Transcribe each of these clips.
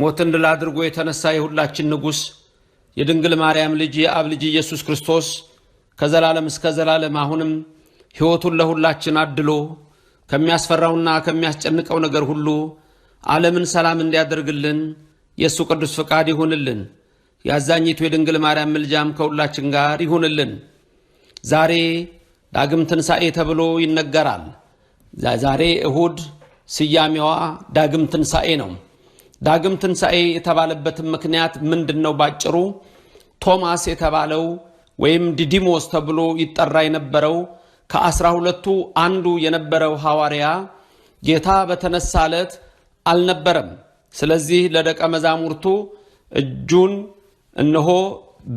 ሞትን ድል አድርጎ የተነሳ የሁላችን ንጉሥ የድንግል ማርያም ልጅ የአብ ልጅ ኢየሱስ ክርስቶስ ከዘላለም እስከ ዘላለም አሁንም ሕይወቱን ለሁላችን አድሎ ከሚያስፈራውና ከሚያስጨንቀው ነገር ሁሉ ዓለምን ሰላም እንዲያደርግልን የእሱ ቅዱስ ፈቃድ ይሁንልን። የአዛኝቱ የድንግል ማርያም ምልጃም ከሁላችን ጋር ይሁንልን። ዛሬ ዳግም ትንሣኤ ተብሎ ይነገራል። ዛሬ እሁድ ስያሜዋ ዳግም ትንሣኤ ነው። ዳግም ትንሣኤ የተባለበትን ምክንያት ምንድን ነው? ባጭሩ ቶማስ የተባለው ወይም ዲዲሞስ ተብሎ ይጠራ የነበረው ከአስራ ሁለቱ አንዱ የነበረው ሐዋርያ ጌታ በተነሳ ዕለት አልነበረም። ስለዚህ ለደቀ መዛሙርቱ እጁን እነሆ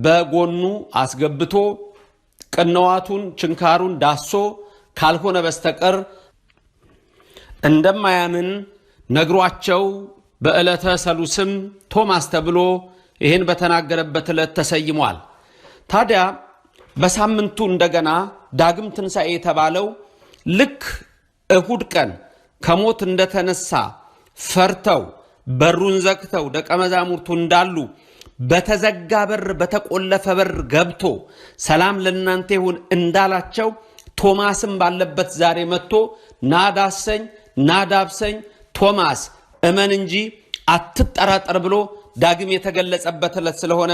በጎኑ አስገብቶ ቅንዋቱን ችንካሩን ዳሶ ካልሆነ በስተቀር እንደማያምን ነግሯቸው በዕለተ ሰሉስም ቶማስ ተብሎ ይህን በተናገረበት ዕለት ተሰይሟል። ታዲያ በሳምንቱ እንደገና ዳግም ትንሣኤ የተባለው ልክ እሁድ ቀን ከሞት እንደተነሳ ፈርተው በሩን ዘግተው ደቀ መዛሙርቱ እንዳሉ በተዘጋ በር በተቆለፈ በር ገብቶ ሰላም ለእናንተ ይሁን እንዳላቸው ቶማስም ባለበት ዛሬ መጥቶ ናዳሰኝ፣ ናዳብሰኝ ቶማስ እመን እንጂ አትጠራጠር ብሎ ዳግም የተገለጸበት ዕለት ስለሆነ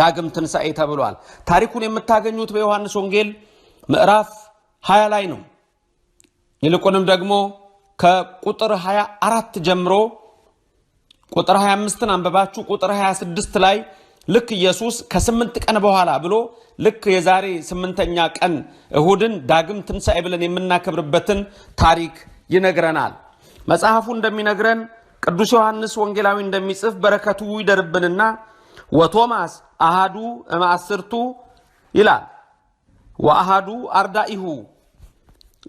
ዳግም ትንሣኤ ተብሏል። ታሪኩን የምታገኙት በዮሐንስ ወንጌል ምዕራፍ 20 ላይ ነው። ይልቁንም ደግሞ ከቁጥር 24 ጀምሮ ቁጥር 25ን አንብባችሁ ቁጥር 26 ላይ ልክ ኢየሱስ ከስምንት ቀን በኋላ ብሎ ልክ የዛሬ ስምንተኛ ቀን እሁድን ዳግም ትንሣኤ ብለን የምናከብርበትን ታሪክ ይነግረናል። መጽሐፉ እንደሚነግረን ቅዱስ ዮሐንስ ወንጌላዊ እንደሚጽፍ በረከቱ ይደርብንና ወቶማስ አሃዱ እምአስርቱ ይላል ወአሃዱ አርዳኢሁ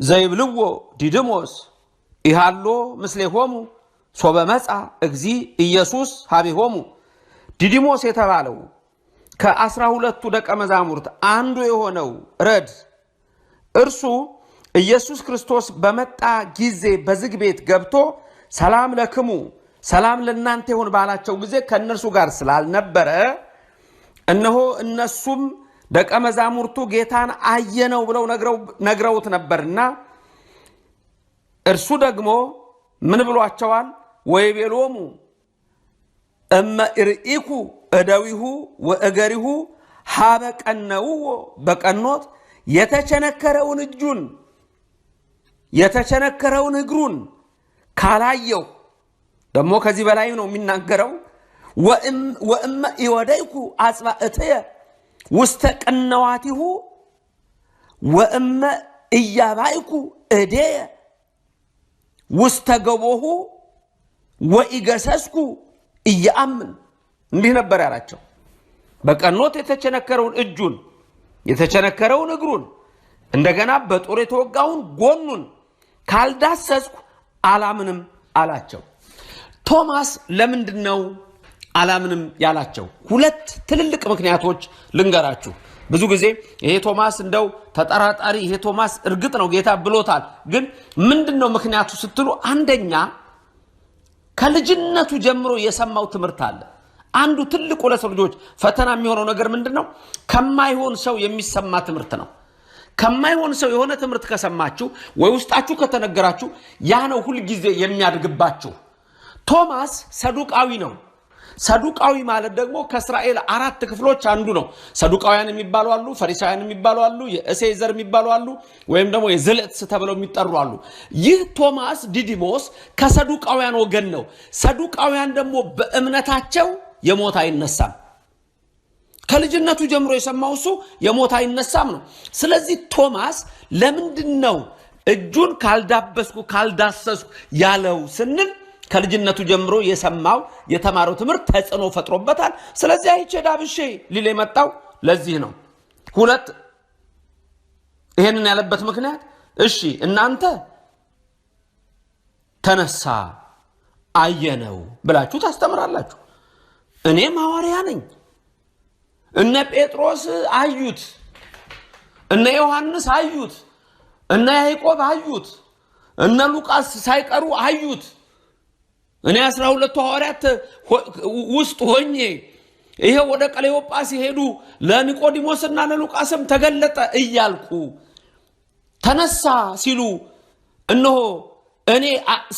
ዘይብልዎ ዲድሞስ ኢሃሎ ምስሌሆሙ ሶበ መጻ እግዚ ኢየሱስ ሀቢሆሙ ዲዲሞስ የተባለው ከአስራ ሁለቱ ደቀ መዛሙርት አንዱ የሆነው ረድ እርሱ ኢየሱስ ክርስቶስ በመጣ ጊዜ በዝግ ቤት ገብቶ ሰላም ለክሙ ሰላም ለእናንተ ይሁን ባላቸው ጊዜ ከእነርሱ ጋር ስላልነበረ እነሆ እነሱም ደቀ መዛሙርቱ ጌታን አየነው ብለው ነግረውት ነበርና እርሱ ደግሞ ምን ብሏቸዋል? ወይቤሎሙ እመ እርኢኩ እደዊሁ ወእገሪሁ ሀበ ቀነውዎ በቀኖት የተቸነከረውን እጁን የተቸነከረውን እግሩን ካላየው ደግሞ ከዚህ በላይ ነው የሚናገረው። ወእመ ኢወደይኩ አጽባ እትየ ውስተ ቅነዋቲሁ ወእመ እያባይኩ እዴየ ውስተ ገቦሁ ወኢገሰስኩ እያአምን እንዲህ ነበር ያላቸው። በቀኖት የተቸነከረውን እጁን የተቸነከረውን እግሩን እንደገና በጦር የተወጋውን ጎኑን ካልዳሰስኩ አላምንም አላቸው። ቶማስ ለምንድን ነው አላምንም ያላቸው? ሁለት ትልልቅ ምክንያቶች ልንገራችሁ። ብዙ ጊዜ ይሄ ቶማስ እንደው ተጠራጣሪ፣ ይሄ ቶማስ እርግጥ ነው ጌታ ብሎታል፣ ግን ምንድን ነው ምክንያቱ ስትሉ፣ አንደኛ ከልጅነቱ ጀምሮ የሰማው ትምህርት አለ። አንዱ ትልቁ ለሰው ልጆች ፈተና የሚሆነው ነገር ምንድን ነው? ከማይሆን ሰው የሚሰማ ትምህርት ነው። ከማይሆን ሰው የሆነ ትምህርት ከሰማችሁ ወይ ውስጣችሁ ከተነገራችሁ ያ ነው ሁልጊዜ የሚያድግባችሁ። ቶማስ ሰዱቃዊ ነው። ሰዱቃዊ ማለት ደግሞ ከእስራኤል አራት ክፍሎች አንዱ ነው። ሰዱቃውያን የሚባሉ አሉ፣ ፈሪሳውያን የሚባሉ አሉ፣ የእሴ ዘር የሚባሉ አሉ፣ ወይም ደግሞ የዘለጥስ ተብለው የሚጠሩ አሉ። ይህ ቶማስ ዲዲሞስ ከሰዱቃውያን ወገን ነው። ሰዱቃውያን ደግሞ በእምነታቸው የሞት አይነሳም። ከልጅነቱ ጀምሮ የሰማው እሱ የሞት አይነሳም ነው። ስለዚህ ቶማስ ለምንድን ነው እጁን ካልዳበስኩ ካልዳሰስኩ ያለው ስንል ከልጅነቱ ጀምሮ የሰማው የተማረው ትምህርት ተጽዕኖ ፈጥሮበታል። ስለዚህ አይቼ ዳብሼ ሊል የመጣው ለዚህ ነው። ሁለት ይሄንን ያለበት ምክንያት እሺ እናንተ ተነሳ አየነው ብላችሁ ታስተምራላችሁ። እኔም ሐዋርያ ነኝ እነ ጴጥሮስ አዩት፣ እነ ዮሐንስ አዩት፣ እነ ያዕቆብ አዩት፣ እነ ሉቃስ ሳይቀሩ አዩት። እኔ አስራ ሁለቱ ሐዋርያት ውስጥ ሆኜ ይሄ ወደ ቀሌዮጳ ሲሄዱ ለኒቆዲሞስና ለሉቃስም ተገለጠ እያልኩ ተነሳ ሲሉ እነሆ እኔ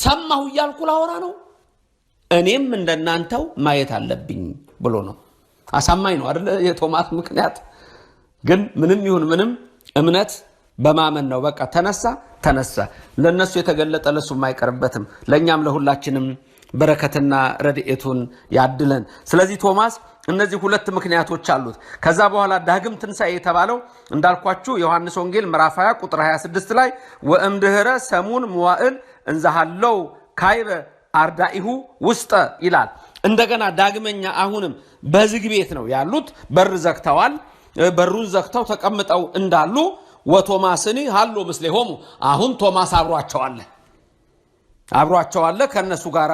ሰማሁ እያልኩ ላወራ ነው። እኔም እንደናንተው ማየት አለብኝ ብሎ ነው። አሳማኝ ነው አይደለ? የቶማስ ምክንያት ግን ምንም ይሁን ምንም እምነት በማመን ነው። በቃ ተነሳ ተነሳ። ለእነሱ የተገለጠ ለሱ የማይቀርበትም ለእኛም ለሁላችንም በረከትና ረድኤቱን ያድለን። ስለዚህ ቶማስ እነዚህ ሁለት ምክንያቶች አሉት። ከዛ በኋላ ዳግም ትንሣኤ የተባለው እንዳልኳችሁ ዮሐንስ ወንጌል ምዕራፍ 20 ቁጥር 26 ላይ ወእምድኅረ ሰሙን መዋዕል እንዛሃለው ካይበ አርዳኢሁ ውስጠ ይላል። እንደገና ዳግመኛ አሁንም በዝግ ቤት ነው ያሉት። በር ዘግተዋል። በሩን ዘግተው ተቀምጠው እንዳሉ ወቶማስኒ ሀሎ ምስሌሆሙ አሁን ቶማስ አብሯቸዋለ አብሯቸዋለ ከእነሱ ጋር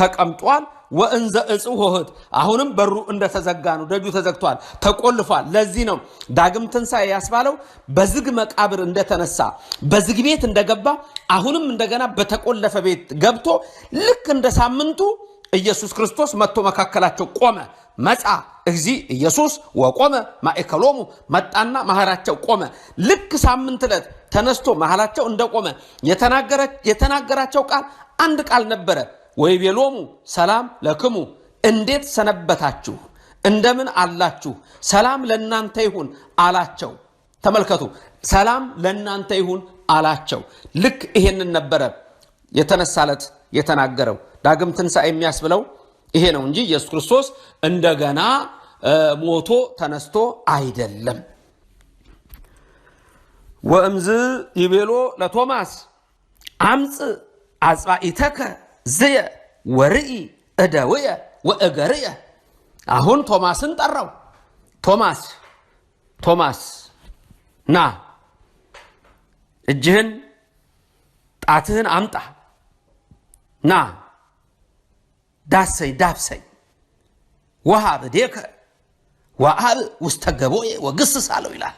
ተቀምጧል። ወእንዘ እጽ ሆህት አሁንም በሩ እንደተዘጋ ነው። ደጁ ተዘግቷል፣ ተቆልፏል። ለዚህ ነው ዳግም ትንሣኤ ያስባለው በዝግ መቃብር እንደተነሳ በዝግ ቤት እንደገባ አሁንም እንደገና በተቆለፈ ቤት ገብቶ ልክ እንደ ሳምንቱ ኢየሱስ ክርስቶስ መጥቶ መካከላቸው ቆመ። መጻ እግዚ ኢየሱስ ወቆመ ማእከሎሙ፣ መጣና መሃላቸው ቆመ። ልክ ሳምንት ዕለት ተነስቶ መሃላቸው እንደቆመ የተናገራቸው ቃል አንድ ቃል ነበረ። ቤሎሙ ሰላም ለክሙ፣ እንዴት ሰነበታችሁ፣ እንደምን አላችሁ፣ ሰላም ለእናንተ ይሁን አላቸው። ተመልከቱ፣ ሰላም ለእናንተ ይሁን አላቸው። ልክ ይሄንን ነበረ የተነሳለት የተናገረው ዳግም ትንሣኤ የሚያስብለው ይሄ ነው እንጂ ኢየሱስ ክርስቶስ እንደገና ሞቶ ተነስቶ አይደለም። ወእምዝ ይቤሎ ለቶማስ አምፅ አጽባኢተከ ዝየ ወርኢ እደውየ ወእገርየ። አሁን ቶማስን ጠራው። ቶማስ ቶማስ ና እጅህን ጣትህን አምጣ ና ዳሰኝ ዳብሰይ ወሃብ ዴከ ወአብ ውስተ ገቦዬ ወግስስ አለው ይላል።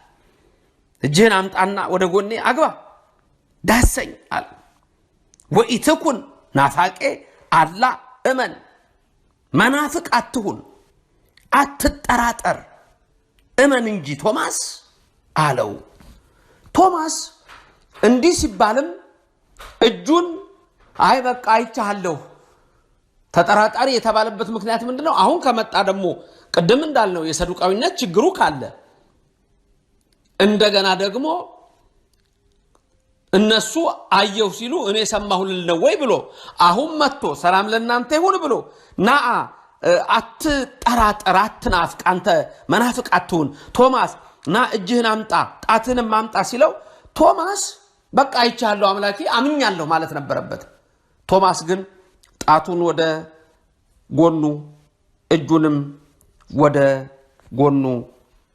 እጅህን አምጣና ወደ ጎኔ አግባ ዳሰኝ አለ። ወኢትኩን ናፋቄ አላ እመን መናፍቅ አትሁን አትጠራጠር እመን እንጂ ቶማስ አለው። ቶማስ እንዲህ ሲባልም እጁን አይ በቃ አይቻለሁ ተጠራጣሪ የተባለበት ምክንያት ምንድን ነው? አሁን ከመጣ ደግሞ ቅድም እንዳልነው የሰዱቃዊነት ችግሩ ካለ እንደገና ደግሞ እነሱ አየሁ ሲሉ እኔ ሰማሁልን ነው ወይ ብሎ አሁን መጥቶ ሰላም ለእናንተ ይሁን ብሎ ናአ አትጠራጠር፣ አትናፍቅ፣ አንተ መናፍቅ አትሁን፣ ቶማስ ና እጅህን አምጣ ጣትህንም አምጣ ሲለው ቶማስ በቃ አይቻለሁ አምላኬ አምኛለሁ ማለት ነበረበት። ቶማስ ግን ጣቱን ወደ ጎኑ እጁንም ወደ ጎኑ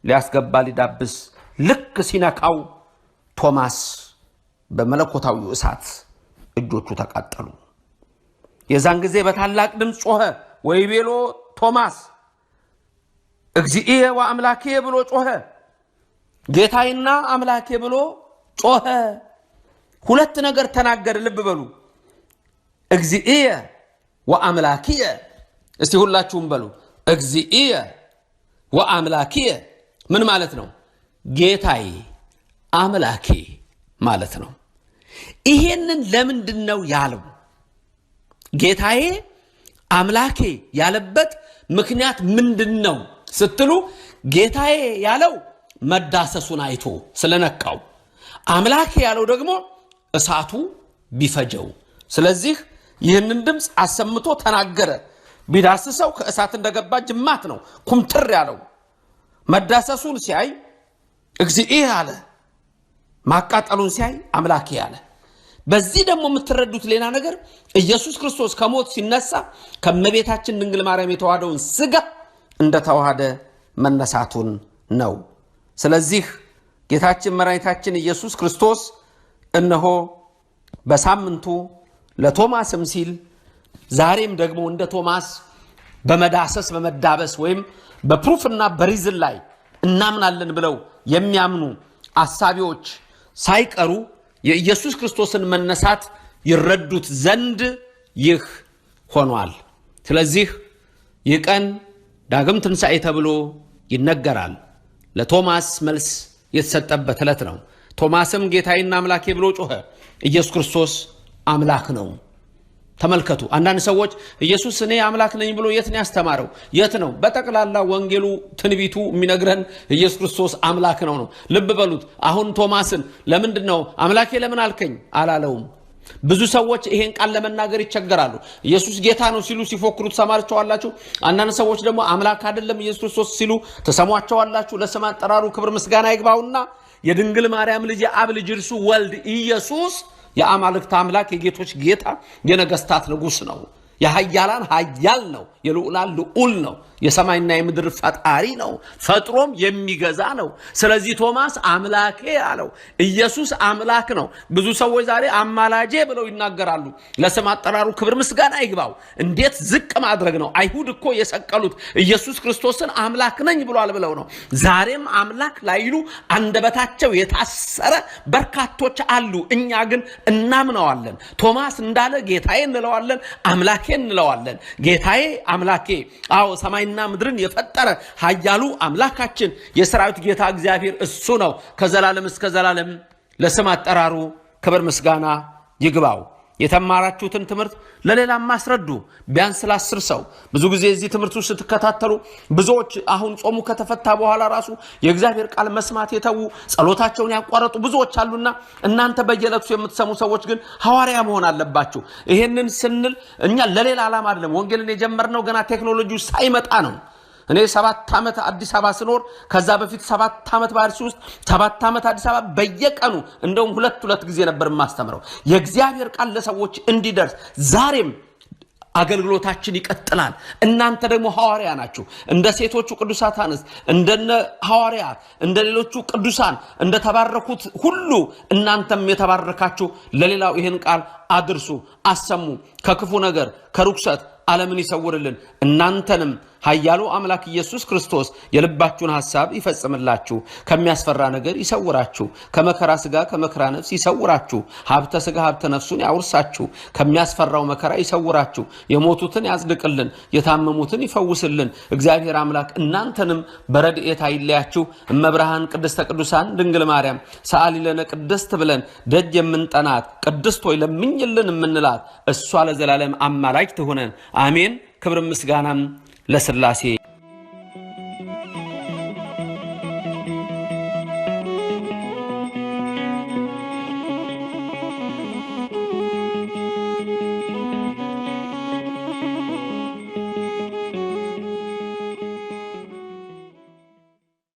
ሊያስገባ ሊዳብስ ልክ ሲነካው ቶማስ በመለኮታዊ እሳት እጆቹ ተቃጠሉ። የዛን ጊዜ በታላቅ ድምፅ ጮኸ፣ ወይ ቤሎ ቶማስ እግዚእየ ወአምላኬ ብሎ ጮኸ። ጌታዬና አምላኬ ብሎ ጮኸ። ሁለት ነገር ተናገረ። ልብ በሉ እግዚእየ ወአምላክየ እስቲ ሁላችሁም በሉ እግዚእየ ወአምላክየ ምን ማለት ነው? ጌታዬ አምላኬ ማለት ነው። ይሄንን ለምንድን ነው ያለው? ጌታዬ አምላኬ ያለበት ምክንያት ምንድን ነው ስትሉ፣ ጌታዬ ያለው መዳሰሱን አይቶ ስለነቃው፣ አምላኬ ያለው ደግሞ እሳቱ ቢፈጀው። ስለዚህ ይህንን ድምፅ አሰምቶ ተናገረ። ቢዳስሰው ከእሳት እንደገባ ጅማት ነው ኩምትር ያለው። መዳሰሱን ሲያይ እግዚእ አለ፣ ማቃጠሉን ሲያይ አምላኬ አለ። በዚህ ደግሞ የምትረዱት ሌላ ነገር ኢየሱስ ክርስቶስ ከሞት ሲነሳ ከእመቤታችን ድንግል ማርያም የተዋህደውን ስጋ እንደተዋሃደ መነሳቱን ነው። ስለዚህ ጌታችን መድኃኒታችን ኢየሱስ ክርስቶስ እነሆ በሳምንቱ ለቶማስም ሲል ዛሬም ደግሞ እንደ ቶማስ በመዳሰስ በመዳበስ ወይም በፕሩፍና በሪዝን ላይ እናምናለን ብለው የሚያምኑ አሳቢዎች ሳይቀሩ የኢየሱስ ክርስቶስን መነሳት ይረዱት ዘንድ ይህ ሆኗል። ስለዚህ ይህ ቀን ዳግም ትንሣኤ ተብሎ ይነገራል። ለቶማስ መልስ የተሰጠበት ዕለት ነው። ቶማስም ጌታዬና አምላኬ ብሎ ጮኸ። ኢየሱስ ክርስቶስ አምላክ ነው። ተመልከቱ አንዳንድ ሰዎች ኢየሱስ እኔ አምላክ ነኝ ብሎ የት ነው ያስተማረው? የት ነው? በጠቅላላ ወንጌሉ ትንቢቱ የሚነግረን ኢየሱስ ክርስቶስ አምላክ ነው ነው። ልብ በሉት። አሁን ቶማስን ለምንድን ነው አምላኬ ለምን አልከኝ አላለውም። ብዙ ሰዎች ይሄን ቃል ለመናገር ይቸገራሉ። ኢየሱስ ጌታ ነው ሲሉ ሲፎክሩት ሰማቸዋላችሁ። አንዳንድ ሰዎች ደግሞ አምላክ አይደለም ኢየሱስ ክርስቶስ ሲሉ ተሰሟቸዋላችሁ። ለስም አጠራሩ ክብር ምስጋና ይግባውና የድንግል ማርያም ልጅ አብ ልጅ እርሱ ወልድ ኢየሱስ የአማልክት አምላክ የጌቶች ጌታ የነገስታት ንጉስ ነው። የሀያላን ሀያል ነው። የልዑላን ልዑል ነው። የሰማይና የምድር ፈጣሪ ነው። ፈጥሮም የሚገዛ ነው። ስለዚህ ቶማስ አምላኬ አለው። ኢየሱስ አምላክ ነው። ብዙ ሰዎች ዛሬ አማላጄ ብለው ይናገራሉ። ለስም አጠራሩ ክብር ምስጋና ይግባው። እንዴት ዝቅ ማድረግ ነው? አይሁድ እኮ የሰቀሉት ኢየሱስ ክርስቶስን አምላክ ነኝ ብሏል ብለው ነው። ዛሬም አምላክ ላይሉ አንደበታቸው የታሰረ በርካቶች አሉ። እኛ ግን እናምነዋለን። ቶማስ እንዳለ ጌታዬ እንለዋለን፣ አምላኬ እንለዋለን። ጌታዬ አምላኬ አዎ ሰማይና ምድርን የፈጠረ ኃያሉ አምላካችን የሰራዊት ጌታ እግዚአብሔር እሱ ነው። ከዘላለም እስከ ዘላለም ለስም አጠራሩ ክብር ምስጋና ይግባው። የተማራችሁትን ትምህርት ለሌላም ማስረዱ። ቢያንስ ለአስር ሰው ብዙ ጊዜ እዚህ ትምህርቱ ስትከታተሉ ብዙዎች አሁን ጾሙ ከተፈታ በኋላ ራሱ የእግዚአብሔር ቃል መስማት የተዉ ጸሎታቸውን ያቋረጡ ብዙዎች አሉና እናንተ በየለቅሱ የምትሰሙ ሰዎች ግን ሐዋርያ መሆን አለባችሁ። ይሄንን ስንል እኛ ለሌላ ዓላማ አይደለም። ወንጌልን የጀመርነው ገና ቴክኖሎጂ ሳይመጣ ነው። እኔ ሰባት ዓመት አዲስ አበባ ስኖር ከዛ በፊት ሰባት ዓመት ባህርሲ ውስጥ ሰባት ዓመት አዲስ አበባ በየቀኑ እንደውም ሁለት ሁለት ጊዜ ነበር የማስተምረው የእግዚአብሔር ቃል ለሰዎች እንዲደርስ ዛሬም አገልግሎታችን ይቀጥላል። እናንተ ደግሞ ሐዋርያ ናችሁ። እንደ ሴቶቹ ቅዱሳት አንስት፣ እንደነ ሐዋርያት፣ እንደ ሌሎቹ ቅዱሳን እንደተባረኩት ሁሉ እናንተም የተባረካችሁ ለሌላው ይህን ቃል አድርሱ፣ አሰሙ። ከክፉ ነገር ከርኩሰት ዓለምን ይሰውርልን። እናንተንም ኃያሉ አምላክ ኢየሱስ ክርስቶስ የልባችሁን ሐሳብ ይፈጽምላችሁ፣ ከሚያስፈራ ነገር ይሰውራችሁ፣ ከመከራ ሥጋ ከመከራ ነፍስ ይሰውራችሁ፣ ሀብተ ሥጋ ሀብተ ነፍሱን ያውርሳችሁ፣ ከሚያስፈራው መከራ ይሰውራችሁ፣ የሞቱትን ያጽድቅልን፣ የታመሙትን ይፈውስልን። እግዚአብሔር አምላክ እናንተንም በረድኤት አይለያችሁ። እመብርሃን ቅድስተ ቅዱሳን ድንግል ማርያም ሰአሊ ለነ ቅድስት ብለን ደጅ የምንጠናት ቅድስት ሆይ ለምኝልን የምንላት እሷ ለዘላለም አማላጅ ትሁነን። አሜን። ክብር ምስጋናም ለስላሴ